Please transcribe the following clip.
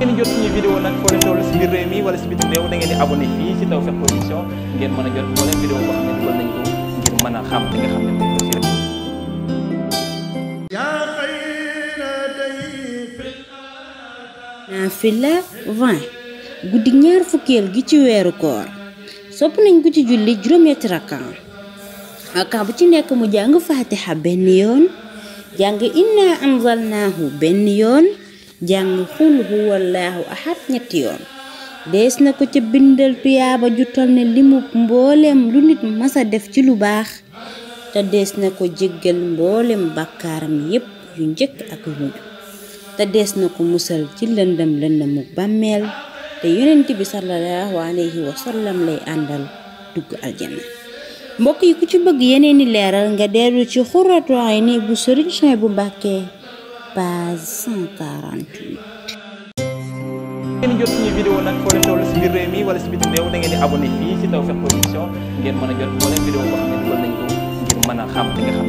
ngeen jot guddi ñaar fukkeel gi ci weeru koor sopp nañ ko ci julli juróom-ñetti rakkaan rakkaan bu ci nekk mu jàng faatiha benn yoon jàng inna anzalnaahu benn yoon. jàng bu huwallaahu ahad ñetti yoon dees na ko ca bindal tuyaaba ju tol ne limub mbooleem lu nit masa def ci lu baax te dees na ko jéggal mbooleem bàkkaaram yépp yu njëkk ak yu mujj te dees na ko musal ci lëndëm lëndëmu bàmmeel te yonent bi sallallahu alayhi lay àndal dugg aljanna mbokk yi ku ci bëgg yeneeni leeral nga dellu ci xurratu bu sëriñ Suhaybu bu Mbàkke page 148. ngeen jot suñu vidéo nag si biir réew mi wala si biti réew da ngeen di abonné fii si Tawfekh Production ngeen mën a jot moo leen vidéo xam ne mën a xam